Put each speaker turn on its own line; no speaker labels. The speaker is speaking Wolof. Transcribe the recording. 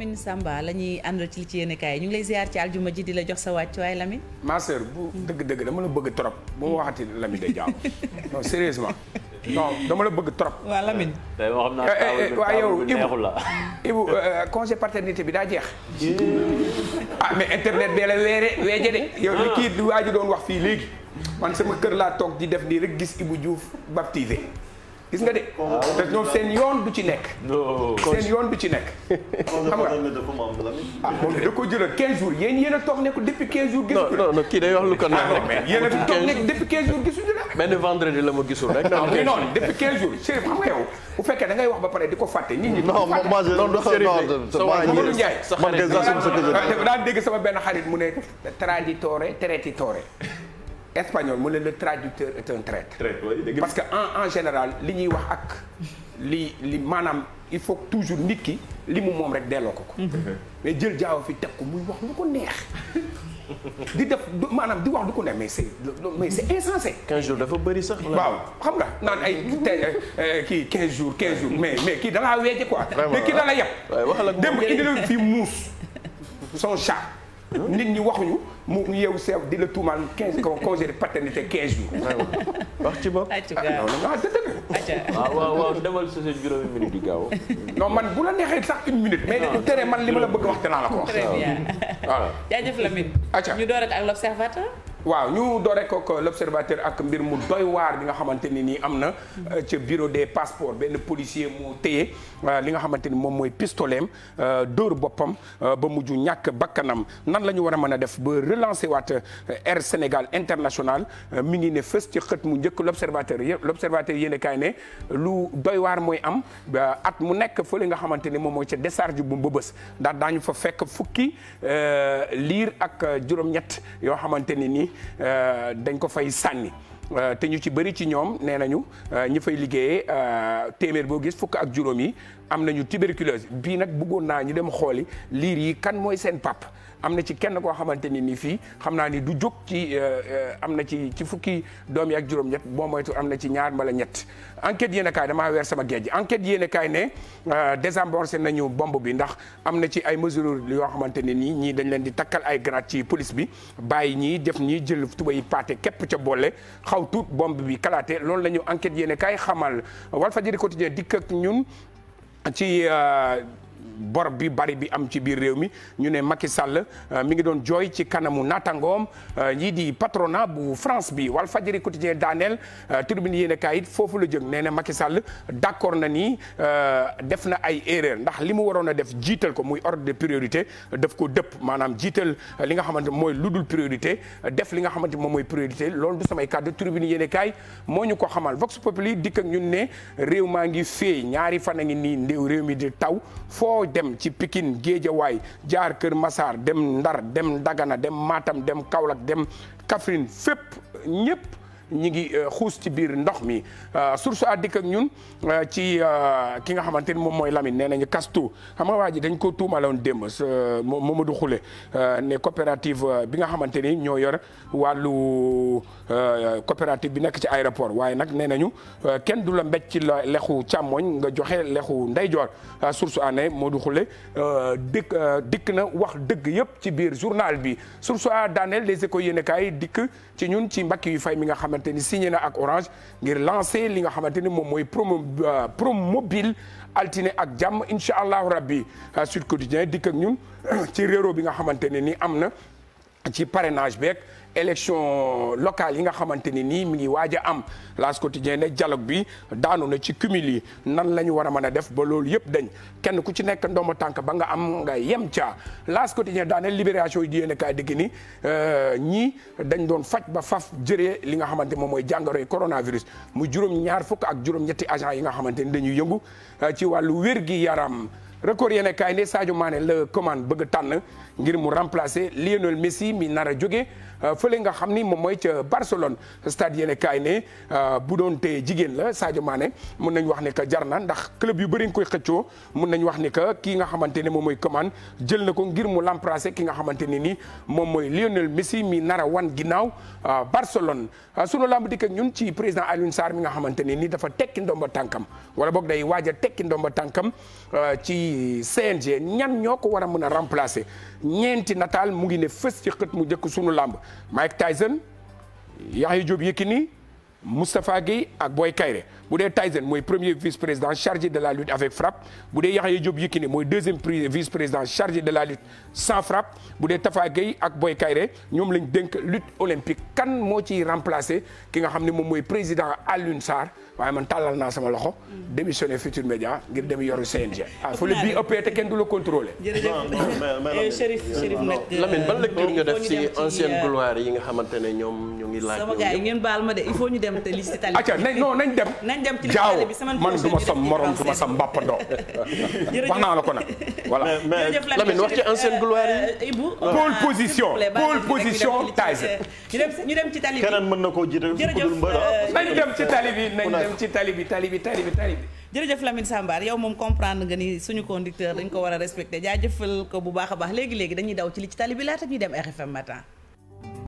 Lamine Samba la ñuy àndal ci li ci yéen kaay ñu ngi lay ziar ci aljuma ji di la jox sa wàccuwaay Lamine. ma sœur bu dëgg-dëgg dama la bëgg trop bu ma hmm. waxati Lamine day jaaw non sérieusement non dama la bëgg trop. waaw Lamine. tey moo xam naa eh, eh, la Ibu euh, euh, congé partenité bi daa jeex. ah mais internet bee la weere weeje de. yow li kii waa ji doon wax fii léegi man sama kër laa toog di def nii rek gis Ibu Diouf baptisé. gis nga de te ñoom yoon du ci nekk. yoon du ci nekk. xam nga ah moom da ko jëloon 15 jours yéen yéen a toog nekk depuis 15 jours. gisuñu kii day wax lu ko neex ah, a toog nekk depuis 15 jours gisuñu la. benn vendredi la ma gisul rek. non ah, non depuis 15 jours Chérif xam nga yow ngay wax ba pare di ko fàtte. nit ñi non moi je non Chérif sa waa Mamadou mu man de Zassou Moussa Kédé daan dégg sama benn xarit mu espagnol mu ne le traducteur est un traître. parce que en en général li ñuy wax ak li li maanaam il faut toujours nit ki li mu moom rek delloo ko ko. Mhm. mais jël jaaw fi teg ko muy wax lu ko neex. di def maanaam di wax du ko ne mais c'est mais c'est insensé. 15 jours dafa bëri sax. waaw xam nga naan ay euh, euh, kii 15 jours quinze jours mais mais kii da laa ko quoi. vraiment te kii da la yab. waaw waxal ak moom fii muus son chat. nit ñi waxuñu mu yeewu seew di la tuumaal 15 congé de paternité 15 jours. wax ci bopp ah dëgg waaw waaw waaw demal sa sa juróomi minute yi gaaw. non man bu la neexee sax une minute. mais dañu tere man li ma la bëgg wax dinaa la ko wax. très bien. voilà jaajëf Lamine. ñu door ak l' observateur. waaw ñu doore kook l'observateur ak mbir mu doy waar bi nga xamante ni nii am na euh, ca bureau de passeports benn policier mu téye euh, li nga xamante ni moom mooy pistoleem euh, dóor boppam ba mujj ñàkk bakkanam nan la ñu war a mën a def ba relancer waat Air Sénégal International mi ngi ne fës ci xët mu njëkk l'observateur l'observateur yéen kaay ne lu doy waar mooy am at mu nekk fële nga xamante ni moom mooy ca décharge ba bës ndax daañu fa fekk fukki liir ak juróom yoo xamante ni nii Euh, dañ ko fay sànni Euh, te ñu ci bëri ci ñoom nee nañu euh, ñi fay liggéeyee euh, téeméer boo gis fukk ak juróom yi am nañu tuberculose bii nag bëggoon naa ñu dem xooli liir yi kan mooy seen pap am na ci kenn koo xamante ni ni fii xam naa ni du jóg ci am na ci ci fukki doom yi ak juróom-ñett boo moytu am na ci ñaar mbala ñett enquête yéen a kaay damaa weer sama géej enquête yéen ne kaay ne désemborsé nañu bomb bi ndax am na ci ay mesures yoo xamante ne nii ñii dañ leen di takkal ay grade ci police bi bàyyi ñii def ñii jël tuba yi paate képp ca boole kaw tuut bi kalaate loolu la ñu enquête yéene kaay xamal fa Walfadjri quotidien dikk ak ñun ci euh, bor bi bari bi am ci biir réew mi ñu ne Macky Sall euh, mi ngi doon jooy ci kanamu natangoom ñii euh, di patronat bu France bi Walf Fadjri quotidien daaneel euh, tribune yéenekaay it foofu la jëm nee na Macky Sall d'accord na ni def na ay erreur ndax li mu waroon a def jiital ko muy ordre de priorité def ko dëpp maanaam jiital li nga xamante mooy lu dul priorité def li nga xamante moom mooy priorité loolu du samay kàddu tribune kaay moo ñu ko xamal Vox Populi dikk ak ñun ne réew maa ngi fee ñaari fan a ngi nii ndéew réew mi di taw dem ci Pikine Géejawaay jaar Kër masaar dem Ndar dem Dagana dem Matam dem Kaolack dem Kaffrine fépp ñëpp ñi ngi euh, xuus ci biir ndox mi euh, source a dikk ak ñun euh, ci ki nga xamante ni moom mooy Lamine nee nañu kastu xam nga waa ji dañ ko tuumaloon démb Mamadou Khoule ne coopérative bi nga xamante ni ñoo yor wàllu coopérative bi nekk ci aéroport waaye nag nee nañu kenn du la mbéj ci lexu càmmoñ nga joxe lexu ndeyjoor source a ne Mamadou Khoule dikk dikk na wax dëgg yëpp ci biir journal bi source a daaneel les échos dikk ci ñun ci mbakki fay mi nga xamante xamante ni na ak Orange ngir lancer li nga xamante ni moom mooy promo euh, promobile altine ak jàmm incha allahu rabbi euh, Sud Quotidien dikk ak ñun ci réero bi nga xamante ne ni am na ci parrainage beeg. élection locale yi nga xamante ni nii mi ngi waaj a am L'As Quotidien ne dialogue bi daanu na ci cumul yi nan la ñu war a mën a def ba loolu yëpp dañ kenn ku ci nekk ndoom ndooma tànk ba nga am nga yem ca L'As Quotidien daane libération yi di yéen a kaay ni euh, ñii dañ doon faj ba faf jëree li nga xamante moom mooy jàngoroy coronavirus mu juróom-ñaar fukk ak juróom-ñetti agent yi nga xamante ni dañuy yëngu euh, ci wàllu wér gi yaram record yéen a ne Sadio Mané la commande bëgg tànn ngir mu remplacer Lionel Messi mi nar a jóge euh, fële nga xam ni moom mooy ca Barcelone stade yéen kaay ne euh, bu doon tee jigéen la Sadio maane mun nañ wax ne que jar na ndax club yu bëri koy xëccoo mun nañu wax ni que kii nga xamante ne moom mooy Coman jël na ko ngir mu remplacer ki nga xamante ne nii moom mooy Lionel Messi mi nara wan wan ginnaaw euh, Barcelone. sunu lamb di ak ñun ci président Alioune Sarr mi nga xamante ne nii dafa tekki ndomba tànkam wala boog day waaj a tekki ndomba tànkam ci CNG ñan ñoo ko war a mën a remplacer. ñeenti nataal mu ngi ne fës ci mu njëkk sunu làmb Mike Tyson Yaxya Diop ni Moustapha Guèye ak Boy Kayré bu dee Tyson mooy premier vice-président chargé de la lutte avec frappe bu dee Yaxya Diop Yékini mooy deuxième vice-président chargé de la lutte sans frappe bu dee Tafa Guèye ak Boy Kayré ñoom lañ dénk lutte olympique kan moo ci remplacé ki nga xam ni moom mooy président Alioune Sarr waaye man tàllal naa sama loxo démissionné Futur Média ngir dem yoru CNG ah fa la bii ëppee te kenn du la contrôlé Chérif Chérif nag euh, euh, ne ñoom ñu ngi laaj de dem te li si tali. acca euh, dem. ci tali bi sama yi. Ibou dem ci tali bi na koo jiite. jërëjëf ah, euh, nañ dem ci tali bi nañ dem ci tali bi jërëjëf Lamine Sambar yow moom comprendre nga ni suñu conducteur dañ ko war a respecté jaajëfal ko bu baax a baax léegi léegi dañuy daw ci li ci tali bi laata ñuy dem RFM matin